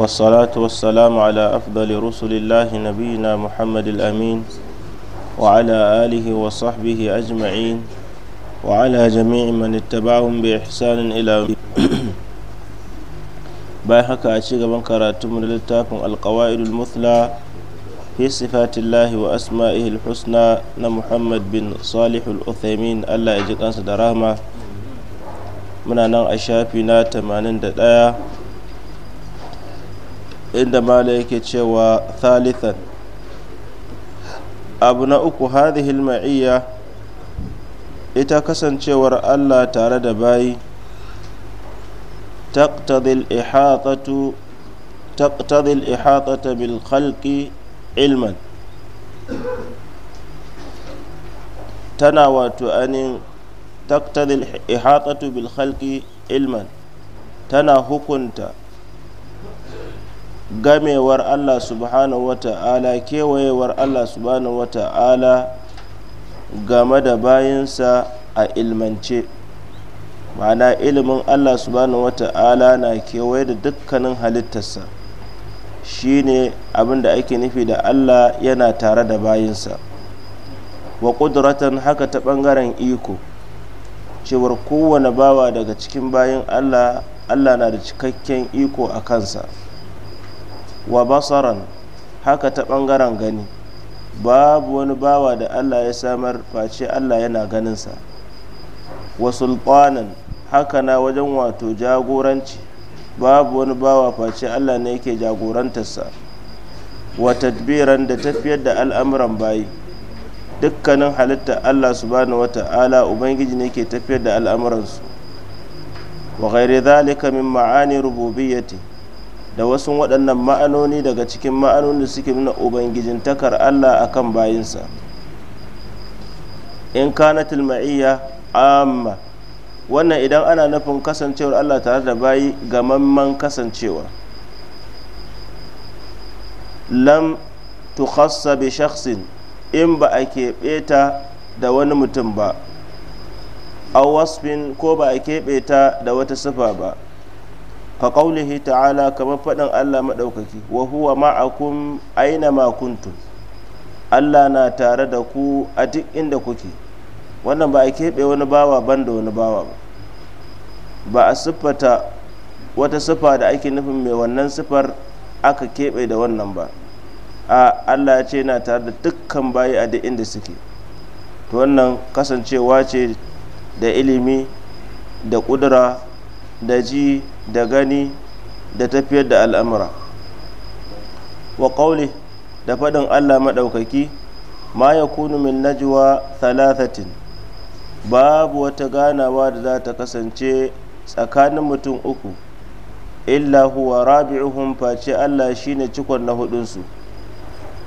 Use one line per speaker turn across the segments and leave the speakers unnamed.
والصلاة والسلام على أفضل رسل الله نبينا محمد الأمين وعلى آله وصحبه أجمعين وعلى جميع من اتبعهم بإحسان إلى باي هكا أشيغ من كراتم للتاكم القوائد المثلى في صفات الله وأسمائه الحسنى محمد بن صالح الأثيمين الله يجيك أنسى دراما muna nan a shafi na 81 inda mala yake cewa thalithan abu na uku hadhihi ma'iyya ita kasancewar allah tare da bayi taqtadhi al-ihatatu bil khalqi ilman tana wato anin taqtadhi al-ihatatu bil khalqi ilman tana hukunta gamewar Allah subhanahu wa ta'ala kewayewar Allah subhanahu wa ta'ala game da bayansa a ilmance ma'ana ilimin Allah subhanahu wa ta'ala na kewaye da dukkanin halittarsa shine abin da ake nufi da Allah yana tare da bayansa wa ƙudratan haka ta ɓangaren iko cewar kowane bawa daga cikin bayan Allah Allah na da cikakken iko a kansa wa basaran haka ta ɓangaren gani babu wani bawa da Allah ya samar face Allah yana ganinsa wa sultanan haka na wajen wato jagoranci babu wani bawa face Allah ne yake jagorantarsa wa tadbiran da tafiyar da al'amuran bayi dukkanin halitta Allah subhanahu wata'ala ubangiji ne ke tafiyar da al'amuransu wa ghairi zalika min ma'ani rububiyyati da wasu waɗannan ma'anoni daga cikin ma'anoni da suke nuna ubangijintakar Allah a kan bayinsa in kanatil ma'iyya amma wannan idan ana nufin kasancewar Allah tare da bayi gamamman kasancewa lam tukhassa bi shakhsin in ba a keɓe ta da wani mutum ba a wasfin ko ba a keɓe ta da wata sifa ba ka qaulihi ta'ala kamar faɗin Allah maɗaukaki wa huwa ma'akum aina ma kuntum Allah na tare da ku a duk inda kuke wannan ba a keɓe wani bawa ban da wani bawa ba ba a siffata wata siffa da ake nufin mai wannan siffar aka keɓe da wannan ba a Allah ya ce na tare da dukkan bayi a duk inda suke to wannan kasancewa ce da ilimi da ƙudura da ji da gani da tafiyar da al'amura wa ƙauli da faɗin allah maɗaukaki ma ya kunu min najwa thalathatin babu wata ganawa da za ta kasance tsakanin mutum uku illa huwa rabi'uhum face allah shine cikon na hudunsu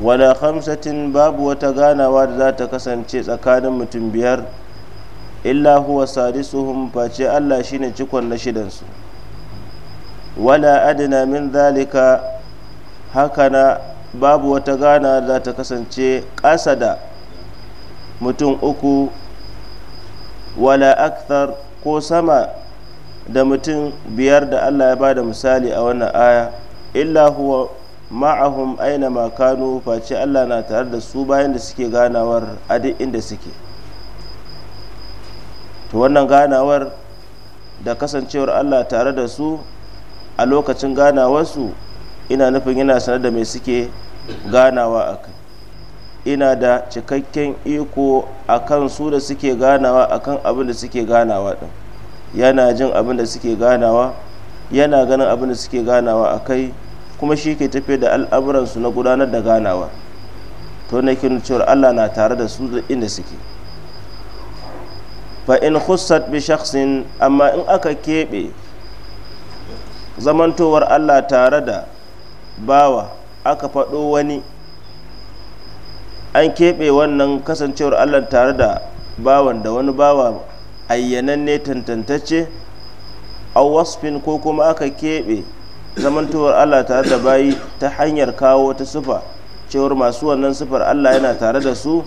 wala hamsatin babu wata ganawa da za ta kasance tsakanin mutum biyar illa huwa sadisuhum face Allah shine cikon na shidansu wala adina min zalika na babu wata gana za ta kasance ƙasa da mutum uku wala akthar ko sama da mutum biyar da Allah ya ba da misali a wannan aya illa huwa ma'ahum aina makanu face Allah na tare da su bayan da suke ganawar a duk inda suke to wannan ganawar da kasancewar allah tare da su a lokacin ganawarsu ina nufin yana sanar da mai suke ganawa a kai ina da cikakken iko a kan su da suke ganawa a kan abin da suke ganawa ɗin yana jin abin da suke ganawa yana ganin abin da suke ganawa a kai kuma shi ke tafiya da al'amuransu na gudanar da ganawa to na cewar allah na tare da su inda suke fa in khussat bi shakhsin amma in aka keɓe zamantowar Allah tare da bawa aka faɗo wani an keɓe wannan kasancewar Allah tare da bawan da wani bawa ne tantantacce a wasfin ko kuma aka keɓe zamantowar Allah tare da bayi ta hanyar kawo ta sufa cewar masu wannan sufar Allah yana tare da su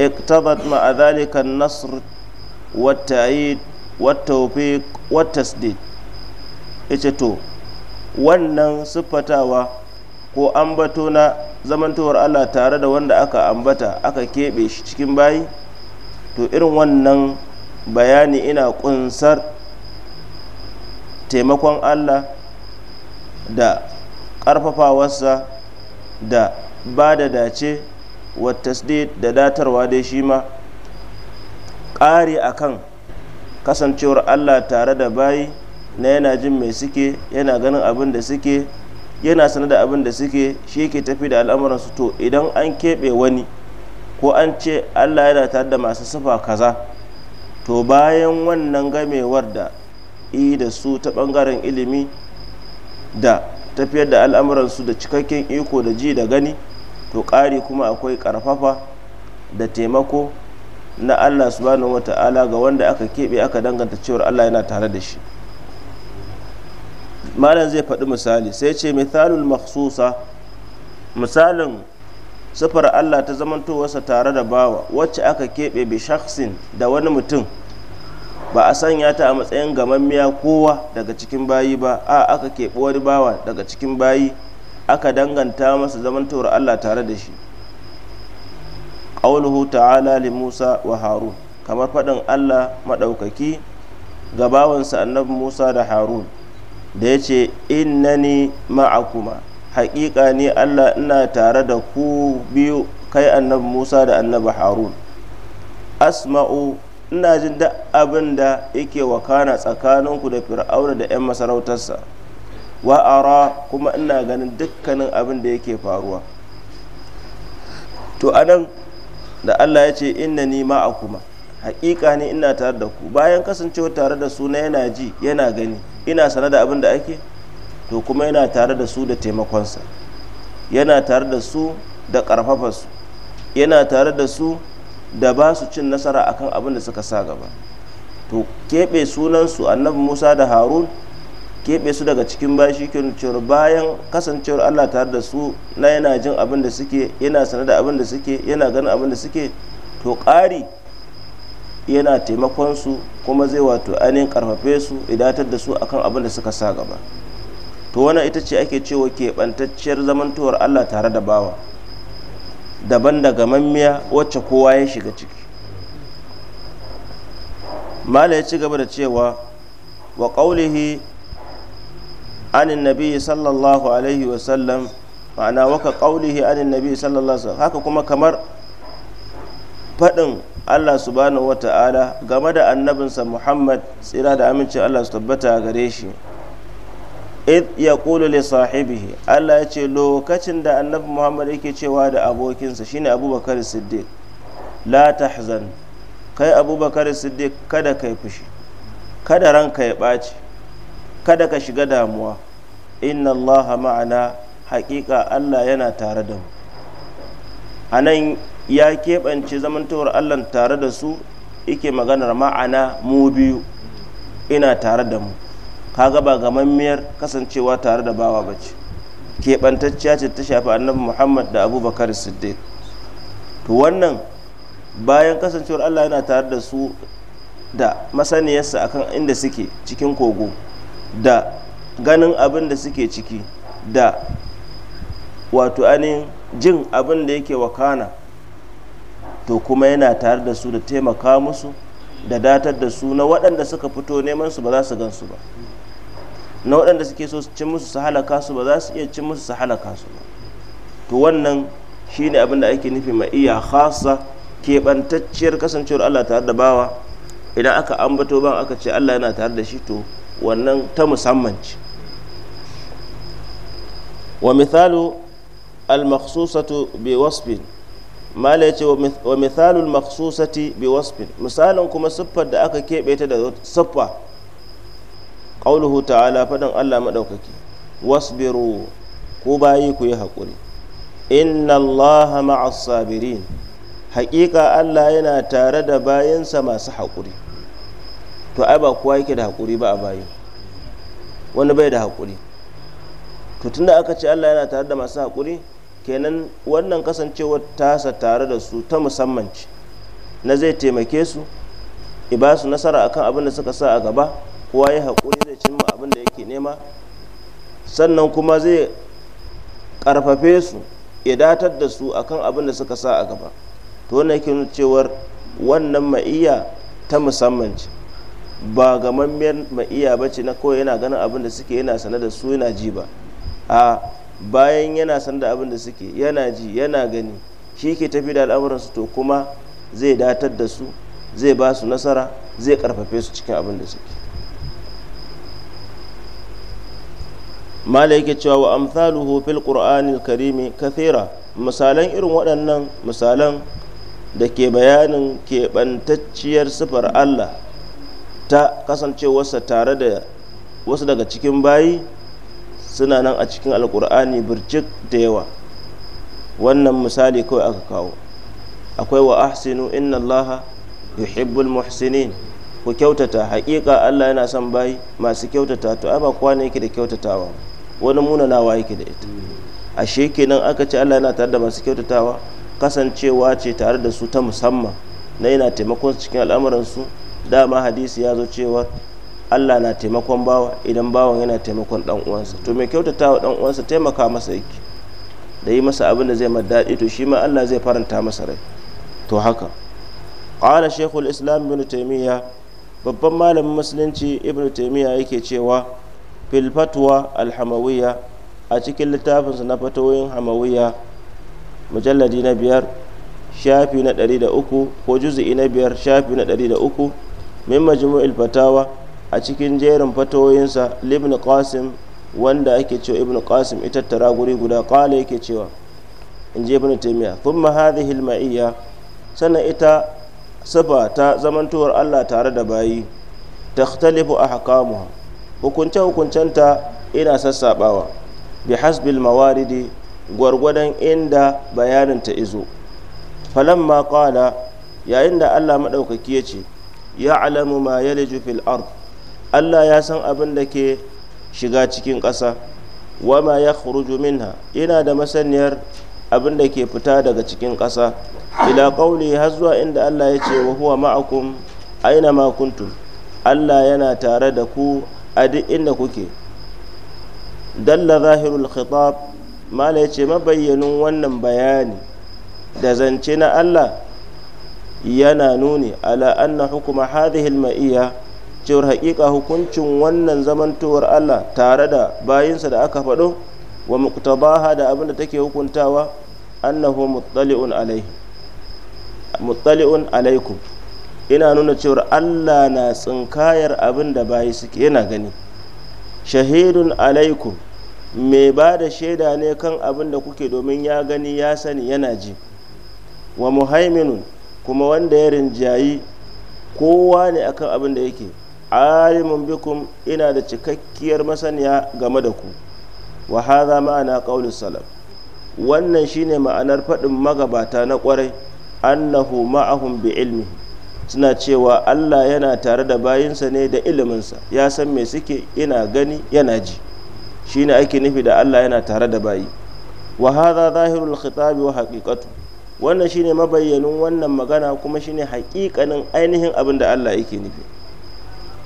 iqtadat ma'a dhalika nasr والتأييد والتوفيق والتسديد to wannan siffatawa ko ambato na zamantowar Allah tare da wanda aka ambata aka keɓe shi cikin bayi to irin wannan bayani ina ƙunsar taimakon Allah da ƙarfafawarsa da ba da dace wa tasdid da datarwa dai shi ma ƙari akan kasancewar Allah tare da bayi na yana jin mai suke yana ganin abin da suke yana sanar da abin da suke shi ke tafi da al'amuransu to idan an keɓe wani ko an ce Allah yana tare da masu sufa kaza to bayan wannan gamewar da i da su ta ɓangaren ilimi da tafiyar da al'amuransu da cikakken iko da ji da gani to ƙari kuma akwai ƙarfafa da taimako na Allah subhanahu ta'ala ga wanda aka keɓe aka danganta cewar Allah yana tare da shi malam zai faɗi misali sai ce mithalul makhsusa misalin sufar Allah ta zamantowarsa tare da bawa wacce aka keɓe bi shaksin da wani mutum ba a sanya ta a matsayin gamammiya kowa daga cikin bayi ba a aka keɓe wani bawa daga cikin bayi aka danganta masa zamantowar Allah tare da shi qawluhu ta'ala li Musa wa Harun kamar faɗin Allah maɗaukaki ga bawansa annabi Musa da Harun da yace innani ma'akuma haƙiƙa ne Allah ina tare da ku biyu kai annabi Musa da annabi Harun asma'u ina jin duk abin da yake wakana tsakaninku da fir'auna da 'yan masarautarsa wa ara kuma ina ganin dukkanin abin da yake faruwa to anan da Allah ya ce ni ma a ma'akuma hakika ne ina tare da ku bayan kasancewa tare da su na yana ji yana gani ina sana da abin da ake to kuma yana tare da su da taimakonsa yana tare da su da ƙarfafarsu yana tare da su da ba su cin nasara akan abin da suka sa gaba to keɓe sunansu annabi musa da harun keɓe su daga cikin bashi shi ke bayan kasancewar Allah tare da su na yana jin abin da suke yana sanar da abin da suke yana ganin abin da suke to ƙari yana taimakon su kuma zai wato ainihin karfafe su idatar da su akan abin da suka sa gaba to wannan ita ce ake cewa keɓantacciyar zamantowar Allah tare da bawa daban daga mammiya wacce kowa ya shiga ciki mala ya ci gaba da cewa wa ƙaulihi عن النبي صلى الله عليه وسلم معنى وك قوله عن النبي صلى الله haka kuma kamar fadin allah فدن الله سبحانه وتعالى game da annabinsa Muhammad tsira da amincin Allah su tabbata gare shi id ya kulu li sahibihi Allah ya ce lokacin da annabi Muhammad yake cewa da abokinsa shine Abubakar Siddiq la tahzan kai Abubakar Siddiq kada kai fushi kada ranka ya ɓaci kada ka shiga damuwa inna allaha ma'ana haƙiƙa allah yana tare da mu a nan ya keɓance zamantowar allah tare da su ike maganar ma'ana mu biyu ina tare da mu kaga ba gamammiyar kasancewa tare da bawa ba ce keɓantacciya ce ta shafi annabi muhammad da abubakar siddiq to wannan bayan kasancewar allah yana tare da su da masaniyarsa akan inda suke cikin kogo da ganin abin da suke ciki da wato anin jin abin da yake wakana to kuma yana tare da su da taimaka musu da datar da su na waɗanda suka fito neman su ba za su gan su ba na waɗanda suke so su cin musu su halaka su ba za su iya cin musu su halaka su ba to wannan shi ne abin da ake nufi ma iya khasa keɓantacciyar kasancewar Allah tare da bawa idan aka ambato ban aka ce Allah yana tare da shi to wannan ta musamman ce wa mithalu al bi wasfin mala ya wa mithalul makhsusati bi wasfin misalin kuma siffar da aka keɓe ta da siffa qauluhu ta'ala faɗin Allah maɗaukaki wasbiru ko bayi ku yi hakuri inna Allah ma'as sabirin haƙiƙa Allah yana tare da bayansa masu hakuri to ai ba kowa yake da hakuri ba a bayi wani bai da hakuri. to tunda aka ce Allah yana tare da masu haƙuri kenan wannan kasancewar tasa tare da su ta musamman ce na zai taimake su ba su nasara akan abin da suka sa a gaba kowa ya haƙuri zai cimma abin da yake nema sannan kuma zai ƙarfafe su ya datar da su akan abin da suka sa a gaba to wannan yake nuna cewar wannan maiya ta musamman ce ba gamammiyar maiya ba ce na kawai yana ganin abin da suke yana sane da su yana ji ba a bayan yana san da abin da suke yana ji yana gani shi ke tafi da al'amuransu to kuma zai datar da su zai ba su nasara zai karfafe su cikin abin da suke mala ke cewa wa amsalu fil qur'anil karimi kathira misalan irin waɗannan misalan da ke bayanin keɓantacciyar sifar Allah ta kasancewarsa tare da wasu daga cikin bayi suna nan a cikin alkur'ani birjik da yawa wannan misali kawai aka kawo akwai wa ahsinu inna allaha yuhibbul muhsinin ku kyautata haƙiƙa allah yana son bayi masu kyautata to ai ba ne yake da kyautatawa wani muna nawa yake da ita ashe kenan aka ce allah yana tare da masu kyautatawa kasancewa ce tare da su ta musamman na yana taimakon cikin al'amuransu dama hadisi ya zo cewa Allah na taimakon bawa idan bawan yana taimakon dan uwansa to mai kyautata wa dan uwansa taimaka masa yake da yi masa abin da zai madadi daɗi to shi ma Allah zai faranta masa rai to haka qala shaykhul islam ibn taimiyya babban malamin musulunci ibn taymiya yake cewa fil alhamawiyya a cikin littafinsa na fatawoyin hamawiyya mujalladi na biyar shafi na ɗari da uku ko juzu'i na biyar shafi na ɗari da uku min majmu'il fatawa a cikin jerin fatoyinsa libni qasim wanda ake cewa ibn qasim ita tara guri guda kala yake cewa in je ibn taymiya thumma hadhihi al-ma'iyya sannan ita sifa ta zamantowar Allah tare da bayi takhtalifu ahkamuha hukunce hukuncenta ina sassabawa bi hasbil mawaridi gwargwadon inda bayanin ta izo falamma qala yayin da Allah madaukaki ya ce ya'lamu ma yaliju fil ard allah ya san abin da ke shiga cikin ƙasa wama ya minha ina da masaniyar abin da ke fita daga cikin ƙasa ila qauli har zuwa inda allah ya ce wa huwa ma'akum aina ma kuntum allah yana tare da ku a duk inda kuke dalla zahirul khitab mala yace wannan bayani da zance na allah yana nuni ala anna hukuma hadhihi al-ma'iyya cewar haƙiƙa hukuncin wannan zamantowar Allah tare da bayinsa da aka faɗo wa muktabaha da abinda take hukuntawa annahu muttali'un alaihi muttali'un alaikum ina nuna cewar Allah na tsinkayar abinda bayi suke yana gani shahidun alaikum mai ba da shaida ne kan abin kuke domin ya gani ya sani yana ji wa muhaiminun kuma wanda ya rinjayi kowa ne akan abin yake alimun bikum ina da cikakkiyar masaniya game da ku wa haza ma'ana qaulus salaf wannan shine ma'anar faɗin magabata na kwarai annahu ma'ahum bi ilmi suna cewa Allah yana tare da bayinsa ne da iliminsa ya san me suke ina gani yana ji shine ake nufi da Allah yana tare da bayi wa haza zahirul khitabi wa haqiqatu wannan shine mabayyanin wannan magana kuma shine haƙiƙanin ainihin abin da Allah yake nufi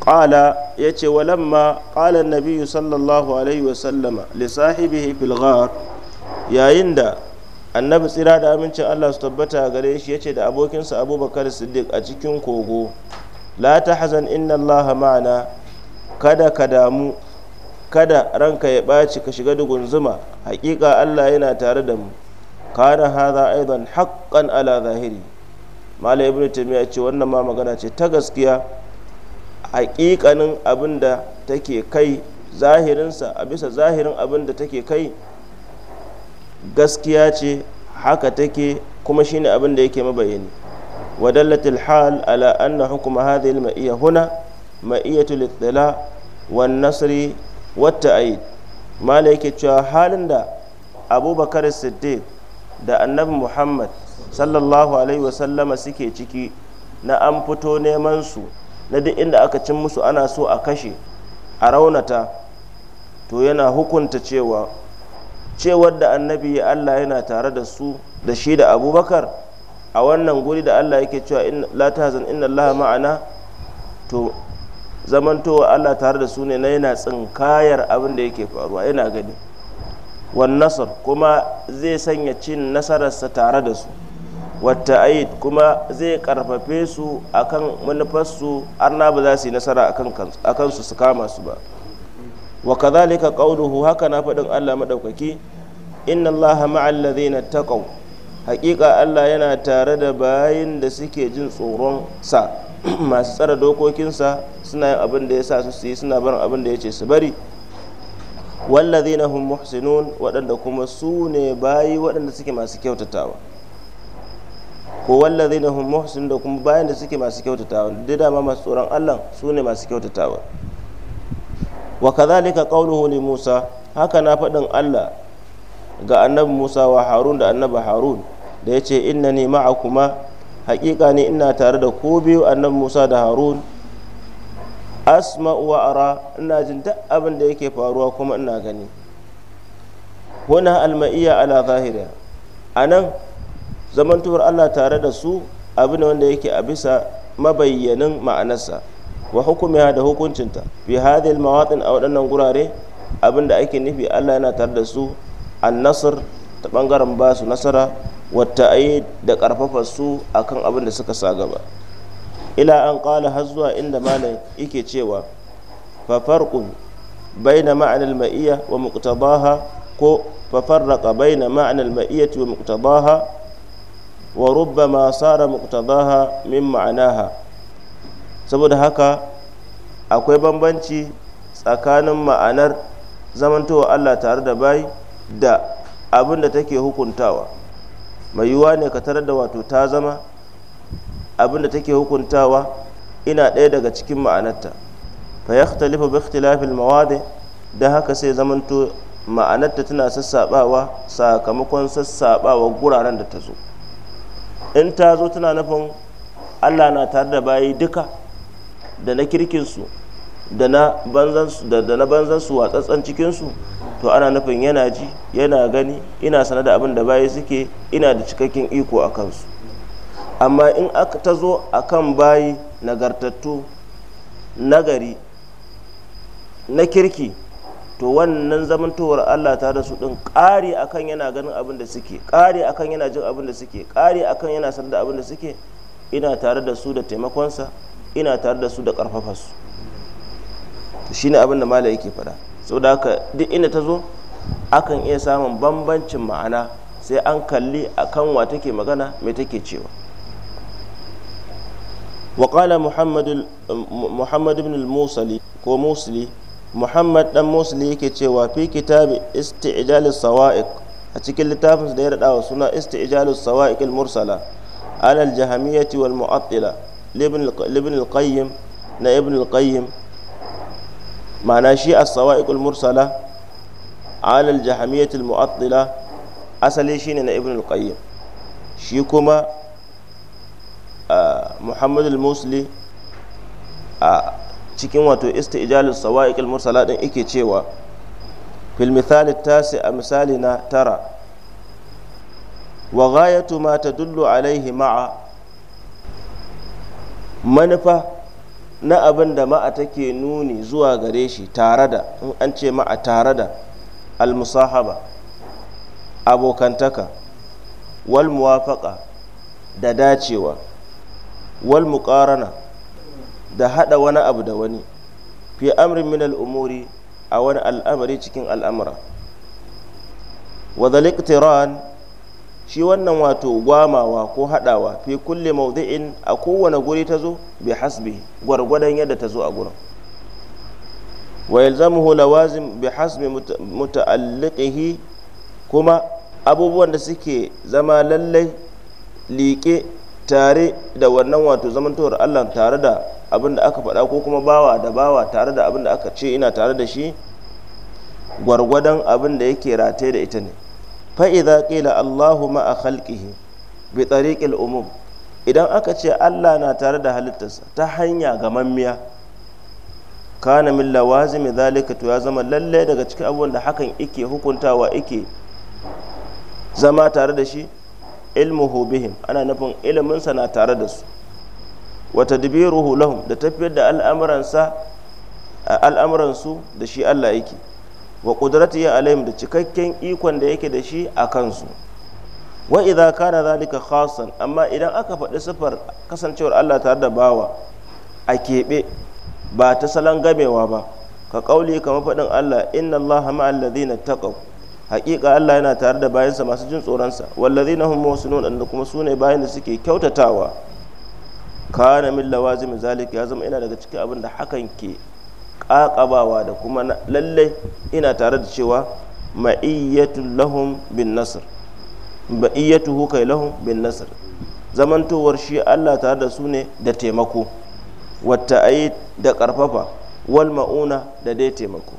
قال يتي ولما قال النبي صلى الله عليه وسلم لصاحبه في الغار يا يندا annabi tsira da amincin Allah su tabbata gare shi ya ce da abokinsa abubakar siddiq a cikin kogo la ta hazan, inna Allah ma'ana kada ka damu kada ranka ya ɓaci ka shiga dugunzuma hakika Allah yana tare da mu kana haza aidan haƙƙan ala zahiri malai ibn ya ce wannan ma magana ce ta gaskiya haƙiƙanin abin da take kai zahirinsa a bisa zahirin abin da take kai gaskiya ce haka take kuma shine abin da yake mabayani wadallatul hal ala anna hukuma hadhihi al-ma'iyya huna ma'iyatul ittila wan nasri wat ta'id mala cewa halin da abubakar siddiq da annabi muhammad sallallahu alaihi wasallama suke ciki na an fito neman su na duk inda aka cin musu ana so a kashe a raunata to yana hukunta cewa cewar da annabi ya Allah yana tare da su da shi da abubakar a wannan guri da Allah yake cewa la tahzan inna Allah ma'ana to zamantowa Allah tare da su ne na yana tsinkayar abin da yake faruwa yana gani wan nasar kuma zai sanya cin nasararsa tare da su wata aid kuma zai karfafe su akan manufarsu arna ba za su yi nasara akan su su kama su ba wa kadhalika qawluhu haka na faɗin Allah madaukaki inna Allah ma'al ladhina taqaw haƙiƙa Allah yana tare da bayin da suke jin tsoron sa masu tsara dokokinsa suna yin abin da ya sa su yi suna barin abin da ya su bari wallazina hum muhsinun waɗanda kuma su ne bayi waɗanda suke masu kyautatawa ko wallazina hum muhsin da kuma bayan da suke masu kyautatawa da dama masu tsoron Allah su ne masu kyautatawa wa kadhalika qawluhu li Musa haka na faɗin Allah ga annabi Musa wa Harun da annabi Harun da yace a ma'akuma haƙiƙa ne ina tare da ko biyu annabi Musa da Harun asma'u wa ara ina jin duk abin da yake faruwa kuma ina gani wannan alma'iyya ala zahiriya anan zamantowar Allah tare da su abu ne wanda yake a bisa mabayyanin ma'anarsa wa hukumiya da hukuncinta fi hadhihi mawatin a waɗannan gurare abin ake nufi Allah yana tare da su al-nasar ta bangaren ba su nasara wata ayi da karfafa su akan abin da suka sa gaba ila an qala har zuwa inda malam yake cewa fa farqun baina ma'anar ma'iyya wa muqtadaha ko fafarraka farraqa baina ma'anar ma'iyyati wa muqtadaha وربما صار مقتضاها من معناها saboda haka akwai bambanci tsakanin ma'anar zamantowa Allah tare da bai da abin da take hukuntawa mai yiwuwa ne ka tarar da wato ta zama abin da take hukuntawa ina ɗaya daga cikin ma'anarta fa ya talifa bi ikhtilafil mawadi da haka sai zamanto ma'anarta tana sassabawa sakamakon sassabawa guraren da ta zo in ta zo tana nufin allah na tare da bayi duka da na kirkinsu da na banzansu watsatsan cikinsu to ana nufin yana ji yana gani ina sana da abin da bayi suke ina da cikakken iko a kansu amma in ta zo a kan bayi nagartattu nagari na kirki to wannan zamantowar Allah ta da su din ƙari akan yana ganin abin da suke ƙari akan yana jin abin da suke ƙari akan yana san da abin da suke ina tare da su da taimakonsa ina tare da su da ƙarfafa su to shine abin da malai yake faɗa saboda haka duk inda ta zo akan iya samun bambancin ma'ana sai an kalli akan wa take magana me take cewa وقال محمد محمد بن الموصلي ko musli muhammad dan musli yake cewa fi kitabi isti'jal sawa'iq a cikin littafin da ya rada wa suna isti'jal sawa'iq al mursala ala al jahmiyati wal mu'attila ibn al qayyim na ibn al qayyim ma'ana shi as sawa'iq al mursala ala al jahmiyati al mu'attila asali shine na ibn al qayyim shi kuma ah, muhammad al musli a ah, cikin wato isti'jalus sawa'iqil mursala din yake cewa fil misali tasi a misali na tara wa ghayatu ma tadullu alaihi ma'a manufa na abin da ma'a take nuni zuwa gare shi tare da in an ce ma'a tare da almusahaba abokantaka wal muwafaqa da dacewa wal muqarana da hada wani abu da wani fi amrin min al'umuri a wani al'amari cikin al'amura wadda tiran shi wannan wato gwamawa ko hadawa fi kulle maudu'in a kowane guri ta zo bi hasbi gwargwadon yadda ta zo a gurin wa yalzamuhu lawazim bi hasbi muta'alliqihi kuma abubuwan da suke zama lallai liƙe tare da wannan wato zamantowar Allah tare da abin aka faɗa ko kuma bawa da bawa tare da abin aka ce ina tare da shi gwargwadon abinda yake rataye da ita ne fa'iza ƙila allahu ma'a khalqihi bi tsariƙil umum idan aka ce allah na tare da halittarsa ta hanya gamammiya kana min lawazimi zalika to ya zama lalle daga cikin abubuwan da hakan ike hukuntawa ike zama tare da shi ilmuhu bihim ana nufin iliminsa na tare da su wa tadbiruhu lahum da tafiyar da al'amuransa al'amuransu da shi Allah yake wa ya alaihim da cikakken ikon da yake da shi a kansu wa idza kana zalika khasan amma idan aka faɗi sifar kasancewar Allah tare da bawa a keɓe ba ta salon gamewa ba ka kauli ka faɗin Allah inna Allah ma'al taqaw haƙiƙa Allah yana tare da bayansa masu jin tsoronsa wallazina hum muhsinun da kuma sune bayan da suke kyautatawa kana min lawazim zalika ya zama ina daga cikin abin da hakan ke kakabawa da kuma lallai ina tare da cewa ma'iyyatu lahum bin nasr hu kai lahum bin nasr zamantowar shi Allah tare da su ne da taimako wata ayi da karfafa wal ma'una da dai taimako